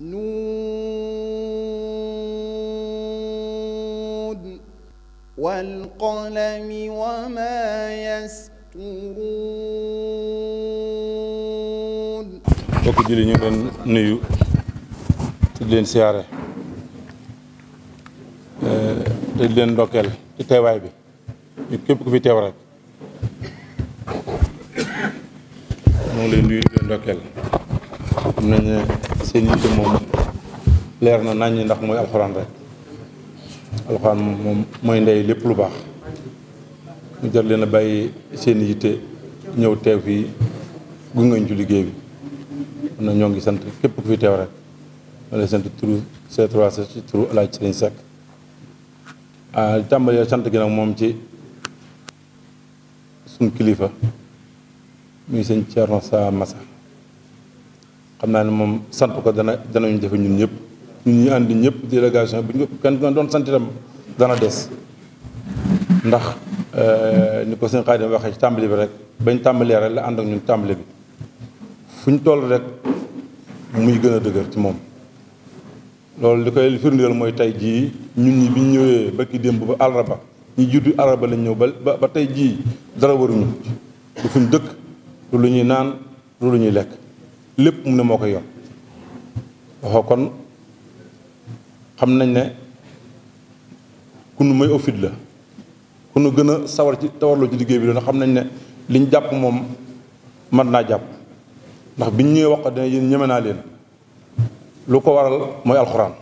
نون والقلم وما يسطرون mbokk julli ñu leen nuyu te leen siyaare te eh, leen ndokkeel ci teewaay bi ñu képp ku fi teew rek moo leen nuyu di leen ndokkeel seen yitte moom leer na naññi ndax mooy alxuraan rek alxuraan moom mooy ndey lépp lu baax mu jël leen a bàyyi seen ñëw teew fii gungañ ci liggéey bi kon nag ñoo ngi sant képp ku fi teew rek ma lay sant turu C3C ci turu El Hadj Serigne Seck ah tàmbalee sant gi nag moom ci suñ kilifa muy sëñ Thierno Sa Massa. xam naa ne moom sant ko dana danañu jafe ñun ñëpp ñun ñu ànd ñëpp délégation bu ñu kenn doon sant itam dana des ndax euh, ni ko sëñ Xaadim waxee ci tàmbali bi rek bañ tàmbalee rek la ànd ak ñun tàmbali bi fu ñu toll rek muy gën a dëgër ci moom loolu li koy firndeel mooy tey jii ñun ñi bi ñu ñëwee bëkki démb ba àllarba ñu juddu àllarba lañ ñëw ba ba tey jii dara waruñu du fuñ dëkk du lu ñuy naan du lu ñuy lekk lépp mu ne moo koy yoon waxoo kon xam nañ ne ku nu may ofit la ku nu gën a sawar ci tawarloo ci liggéey bi doon xam nañ ne liñ jàpp moom man naa jàpp ndax biñ ñuy wax dana yéen ñeme naa leen lu ko waral mooy alxuraan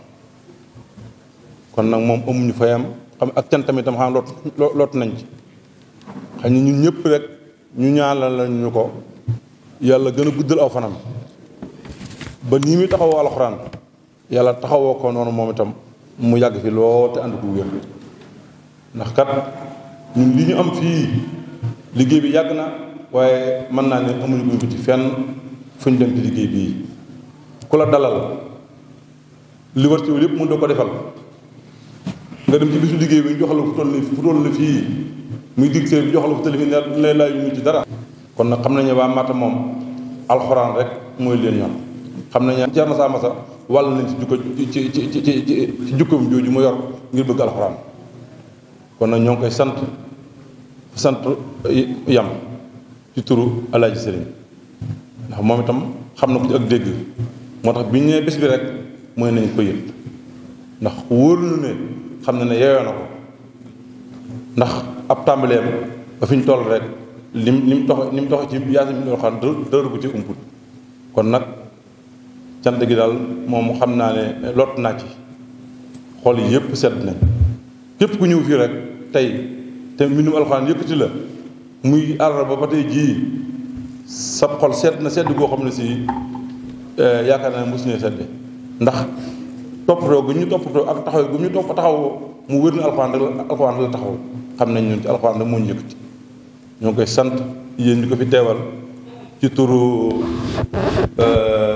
kon nag moom amuñu fayam xam ak can tamit tam xam lot lot nañ ci xam ne ñun ñëpp rek ñu ñaanal la ko yàlla gën a guddal aw fanam ba nii muy taxawoo alxuraan yàlla taxawoo ko noonu moom itam mu yàgg fi lool te ànd ku wér ndax kat ñun li ñu am fii liggéey bi yàgg na waaye mën naa ne amuñu buñ ko ci fenn fu ñu dem ci liggéey bi ku la dalal li war ci yëpp mën da ko defal nga dem ci bisu liggéey bi ñu jox la fu toll fu toll la fii muy dig see jox la fu toll fii ne lay laaj ñu ci dara kon nag xam nañu waa Matam moom alxuraan rek mooy leen yoon xam nañ jar na saa masa wàll nañ ci jukko ci ci ci ci jukkoom mu yor ngir bëgg alxuraan kon nag ñoo ngi koy sant sant yam ci turu alaaji sëriñ ndax moom itam xam na ko ci ak dégg moo tax bi ñu nee bés bi rek mooy nañ ko yëg ndax wóor na ne xam na ne yeewoo na ko ndax ab tàmbaleem ba fi ñu toll rek lim lim tox lim tox ci yaasin bi ñu xam dë dëru ko ci umput kon nag cant gi daal moom xam naa ne lot naa ci xol yi yëpp sedd nañ képp ku ñëw fii rek tey te mbindum alxuraan yëkkati la muy àllarba ba tey jii sa xol sedd na sedd goo xam ne si eh, yaakaar naa ne mosu ndax toppatoo gu ñu toppatoo ak taxaw gu ñu topp taxaw mu wér na alxuraan rek la taxaw xam nañ ñu ci alxuraan rek moo ñu yëkkati ñoo ngi koy sant yéen ñu ko fi teewal ci turu. Eh,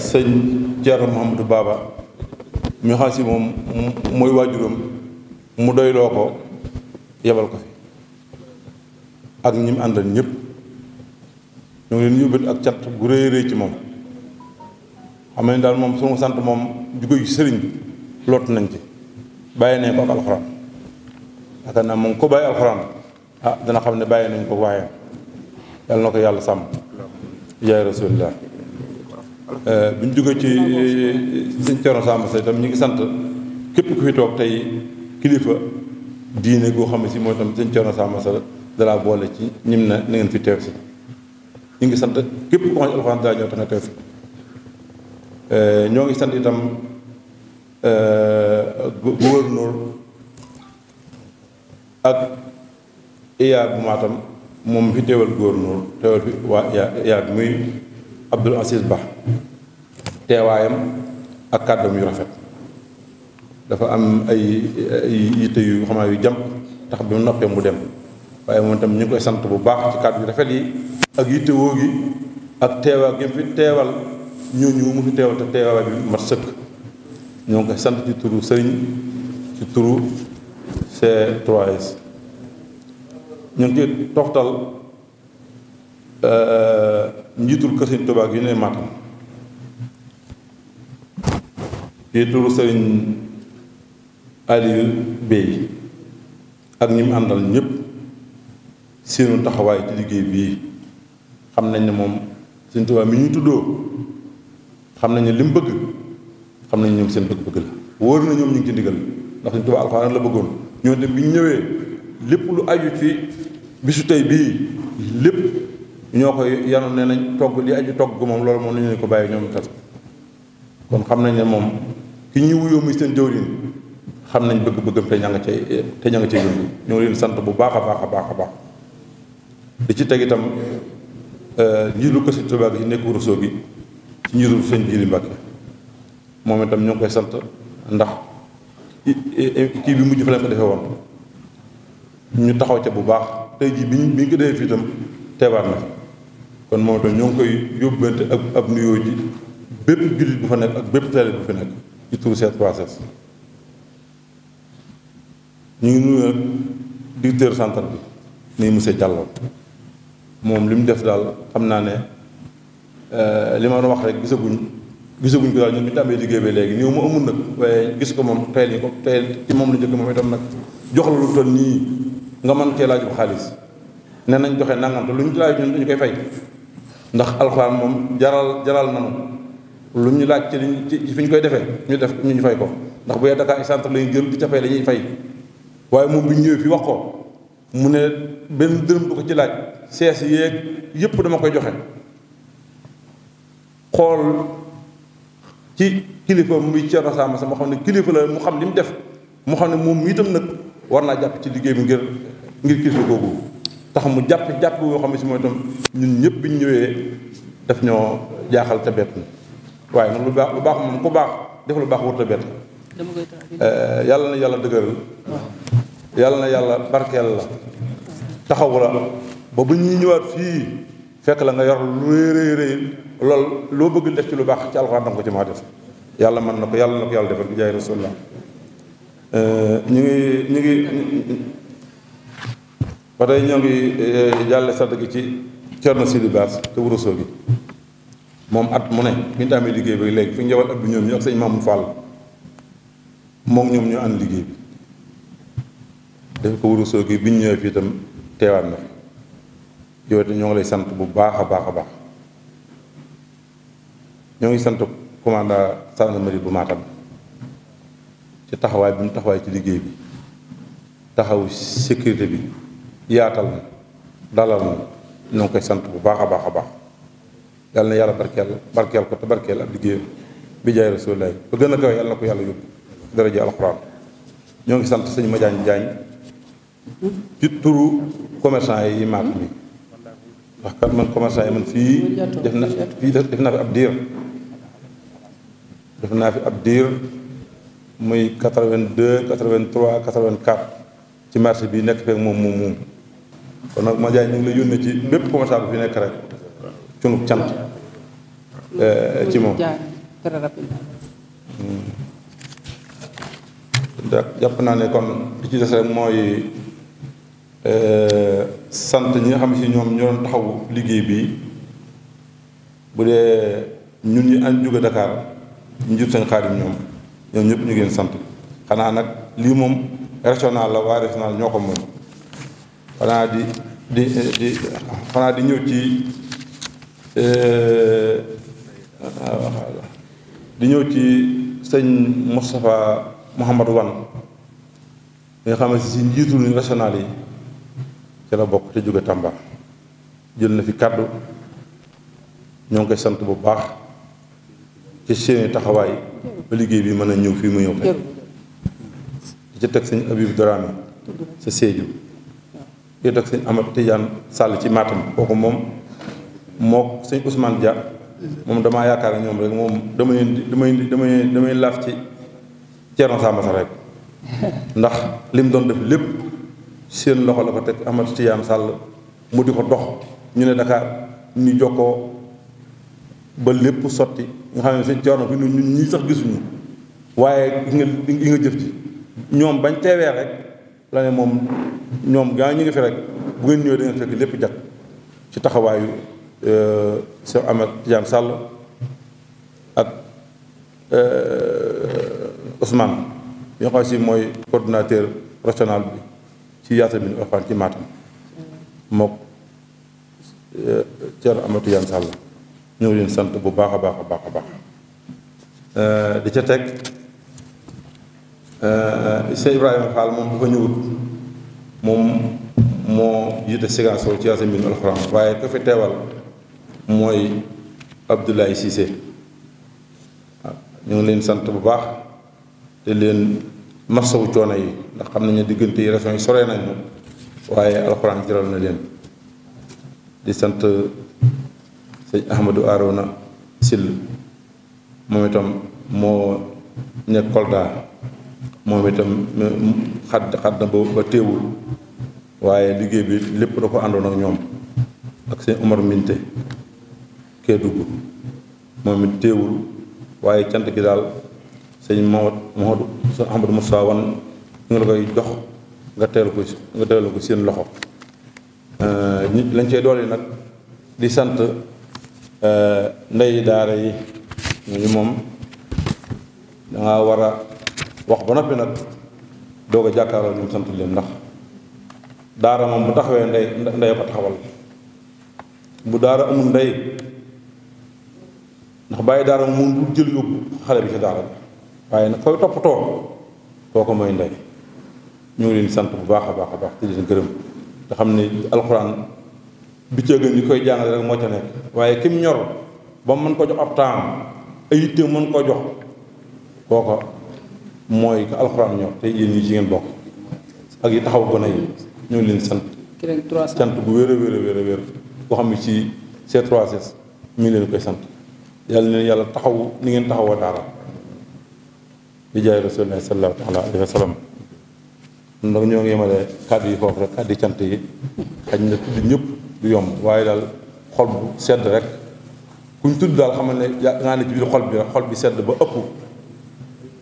sëñ Thierno Mouhamadou Baba mi moom mooy waajuram mu doyloo ko yebal ko fi ak ñi mu àndal ñëpp ñu ngi leen yóbbal ak cat gu rëy rëy ci moom xam ne daal moom sunu sant moom jugo yu sëriñ bi lot nañ ci bàyyi nañ ko ak alxuraan yaakaar naa moom ko bàyyi alxuraan ah dana xam ne bàyyi nañ ko waaye yàlla na ko yàlla sàmm yaay rasulillah Euh, bu ñu jógee ci sëñ Thierno Samba Seye tam ñu ngi sant képp ku fi toog tey kilifa diine goo xam si mooy tam sëñ Thierno Samba Seye dalaa boole ci ñim na na ngeen fi teew si ñu ngi sant képp ku xam ne alxuraan daa ñoo nga teew fi euh, ñoo ngi sant itam euh, gouverneur ak iyaa bu maatam moom fi teewal gouverneur teewal fi waa iyaa bi muy Abdoul Aziz Ba teewaayam ak kàddoom yu rafet dafa am ay yitte yu xam yu jàmp tax bi mu noppee mu dem waaye moom tam ñu ngi koy sant bu baax ci kàdd bi rafet yi ak yitte woo gi ak teewaa gi mu fi teewal ñooñu mu fi teewal te teewaay bi mat sëkk ñoo koy sant ci turu sëriñ ci turu C3S ñu ngi ci toftal euh, njiitul kër Sëriñ Tuubaa ne Matam di turu sëriñ Aliou Bey ak ñi mu àndal ñëpp seenu taxawaay ci liggéey bii xam nañ ne moom Sëriñ Tuubaa mi ñu tuddoo xam nañ ne li mu bëgg xam nañ ñoom seen bëgg-bëgg la na ñoom ñu ngi ci ndigal ndax Sëriñ la bëggoon ñoo dem bi ñu ñëwee lépp lu aju ci bisu tey bii lépp ñoo koy yanu nee nañ togg li aju togg moom loolu moom nañu ñu ko bàyyi ñoom itam kon xam nañ ne moom ki ñuy wuyoo muy seen jëwriñ xam nañ bëgg-bëggam te ña nga cay te ña nga cay ñoo leen sant bu baax a baax a baax a baax di ci teg itam euh, njiitu ko sëñ Tuubaa gi ci nekk Rosso gi ci sëñ Jili Mbàkke moom itam ñoo ngi koy sant ndax kii bi mujj fa lañ defee woon ñu taxaw ca bu baax tey jii bi ñu bi ñu ko defee na kon moom itam ñoo ngi koy yóbbante ak ab nuyoo ji bépp jullit bu fa nekk ak bépp taalibe bu fi nekk ci turu C3S ñu ngi nuyu nag directeur central bi muy monsieur Diallo moom li mu def daal xam naa ne euh, li ma wax rek gisaguñ gisaguñ ko daal ñun bi ñu amee liggéey bi léegi ñëw mu amul nag waaye gis ko moom teel yi ko teel ci moom la njëkk moom itam nag jox la lu toll nii nga mën cee laajub xaalis nee nañ joxe nangam te lu ñu laaj ñun dañu koy fay ndax alxuraan moom jaral jaral nañu. lu ñu laaj ci liñ ci fi ñu koy defee ñu def ñu fay ko ndax bu dee Dakar ay centre lañu jël di ca fay la ñuy fay waaye moom bi ñu ñëwee fi wax ko mu ne benn dërëm bu ko ci laaj sees yéeg yëpp dama koy joxe xool ci kilifa muy Thierno Samba Samba mu xam ne kilifa la mu xam li mu def mu xam ne moom muy itam nag war naa jàpp ci liggéey bi ngir ngir kilifa googu tax mu jàpp jàpp woo xam ne si mooy itam ñun ñëpp bi ñu ñëwee daf ñoo jaaxal te bett na waaye moom lu baax lu baax moom ku baax def lu baax wut la bett eh, yàlla na yàlla dëgëral yàlla na yàlla barkeel la taxawu la ba bu ñuy ñëwaat fii fekk la nga yor lu rëy rëy lool loo bëgg def ci lu baax ci alxuraan danga ko ci ma def yàlla mën na ko yàlla na ko yàlla defal bi jaay rasulullah eh, ñu ngi ñu ngi ba tey ñoo ngi eh, jàlle sant gi ci Cerno Sidi te wurusoo gi moom at mu ne bi ñu liggéey bi léegi fi njabal at bu ñoom ñoo ak sëñ Mamoun Fall moom ñoom ñu ànd liggéey bi dafa ko wuru soo gi bi ñu ñëwee fii itam teewaat na fi yow itam ñoo ngi lay sant bu baax a baax a baax ñoo ngi sant commandant gendarmerie bu maatam ci taxawaay bi mu taxawaay ci liggéey bi taxaw sécurité bi yaatal na dalal na ñoo ngi koy sant bu baax a baax a baax yàlla na yàlla barkeel barkeel ko te barkeel ab liggéeyam bi jaay rasulullah ba gën a kawe yàlla na ko yàlla yóbbu daraja alxuraan ñoo ngi sant sëñ Madiagne Diagne ci turu commerçant yi maak bi ndax kat man commerçant yi man fii def na fii def naa fi ab diir def naa fi ab diir muy 82 83 84 ci marché bi nekk fekk moom moom moom kon nag Madiagne ñu ngi la yónnee ci bépp commerçant bu fi nekk rek sunu cant euh, ci moom hmm. jàpp naa ne kon li ci des rek mooy euh, sant ñi nga xam si ñoom ñoo doon taxaw liggéey bi bu dee ñun ñi an jóge Dakar njur seen xaadim ñoom ñoom ñëpp ñu ngi sant xanaa nag lii moom régional la waa régional ñoo ko moom xanaa di di di xanaa di ñëw ci di ñëw ci sëñ Moustapha Mouhamad Wan li nga xamante si njiitu lu national yi ca la bokk te jóge Tamba jël na fi kàddu ñoo ngi koy sant bu baax ci seeni taxawaay ba liggéey bi mën na ñëw fii mu ñëw tey di teg sëñ Abib Dramé sa Sédhiou di teg sëñ Amath Tidiane Sall ci Matam kooku moom moo sëñ Ousmane Dia moom damaa yaakaar ñoom rek moom damay damay damay damay laaf ci Thierno Samba sax rek ndax lim doon def lépp seen loxo la ko teg Amadou Tidiane Sall mu di ko dox ñu ne Dakar ñu jokkoo ba lépp sotti nga xam ne seen Thierno fi ñun ñii sax gisuñu waaye gis nga li nga jëf ci ñoom bañ teewee rek la ne moom ñoom gaa ñu ngi fi rek bu ngeen ñëwee da fekk lépp jag ci taxawaayu. Euh, Cheikh Ahmed Tidiane Sall ak euh, Ousmane bi si mooy coordinateur régional bi ci yaatal bi nu orphan ci maatam mook Cheikh Ahmed Tidiane Sall ñëw leen sant bu baax a baax a baax a baax euh, di ca teg Cheikh Ibrahima Fall moom bu fa ñëwut moom moo jiite Ziguinchor ci yaatal bi alxuraan waaye ko fi teewal mooy Abdoulaye Cissé waaw ñu ngi leen sant bu baax te leen masawu coono yi ndax xam nañu diggante yi régions yi soree nañu waaye alxuraan jaral na leen di sant sëñ Ahmadou Arouna sil moom itam moo nekk Kolda moom itam xadd xadd na ba teewul waaye liggéey bi lépp da ko àndoon ak ñoom ak seen Omar Minte Kédougou moom it téewul waaye cant gi daal sëñ Mahod Mahod sëñ Ahmadou Moussa wan nga la koy jox nga teel ko si nga teel ko seen loxo euh, nit lañ cey dool yi nag di sant euh, ndey daara yi ñu moom danga war a wax ba noppi nag doog a jàkkaarloo ñoom sant leen ndax daara moom bu taxawee ndey ndey ko taxawal bu daara amul ndey ndax bàyyi daara moom du jël yóbbu xale bi ci daara bi waaye nag koy koo ko mooy ndey ñu ngi leen sant bu baax a baax a baax di leen gërëm te xam ne alxuraan du cëgg ñi koy jàngale rek moo ca nekk waaye kim ñor ba mën ko jox ab temps ay yitte mën koo jox kooka mooy ko alxuraan ñor te yéen ñi ci ngeen bokk ak yi taxaw gone yi ñu leen sant sant bu wér a wér a wér a xam ne ci C3S leen koy sant yàlla na yàlla taxawu ni ngeen taxawoo daara bi jaay rasulillah sallallahu taala alayhi wa sallam ndax ñoo ngi yemale kàddu yi foofu rek kàddu yi cant yi xaj na tudd ñëpp du yomb waaye daal xol bu sedd rek kuñ tudd daal xamal ne yaa ngaa ne ci biir xol bi rek xol bi sedd ba ëpp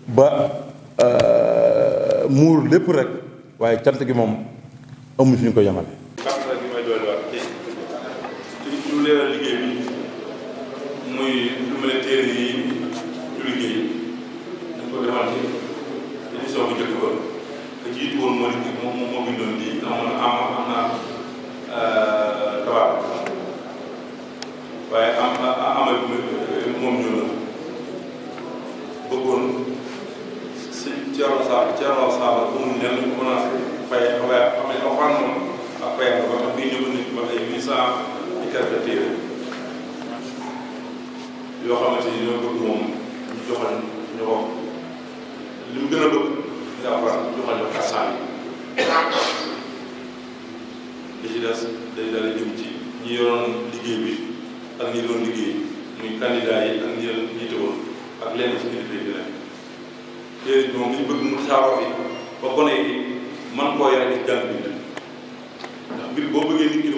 ba euh, muur lépp rek waaye cant gi moom amuñ fi ñu koy yemale. woon moo di moom moo bindoon lii amoon am am na euh, tubaab waaye am amal moom ñu la bëggoon si Thierno Sall Thierno Sall bu mu nen mën a fay waaye am na yoo xam moom ak fay ba tax bii ñëw nañ ba ay huit cent et quelques téere yoo xamante ni ñoo bëgg moom ñu joxoon ñu ko li mu gën a bëgg des day daal di jëm ci ñi yoroon liggéey bi ak ñi doon liggéey muy candidat yi ak ñi doon jiite woon ak lenn ci kilifa yi la téere moom li ñu bëgg mu saako fi ba gone yi man koo yore di ko mën ñëpp dañ ko roye nit ñi bi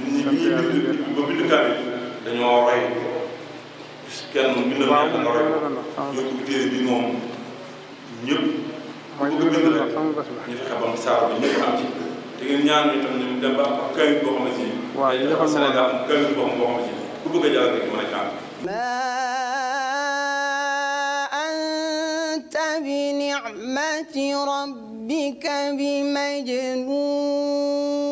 ñuy bind ba bind kàddu dañoo roye kenn bind na nga roye yóbbu téere bi moom ñëpp mooy li nga doon wax sama bas la ñu fexe ba mu saabu bi ñëpp am ci te ngeen ñaan ñu tam ñu dem ba am kayit boo xam ne si waaw ñu defal ma daal kayit boo xam boo xam ne si ku bëgg a jàll rek mën a jàll ma anta bi ni'mati rabbika bi majnun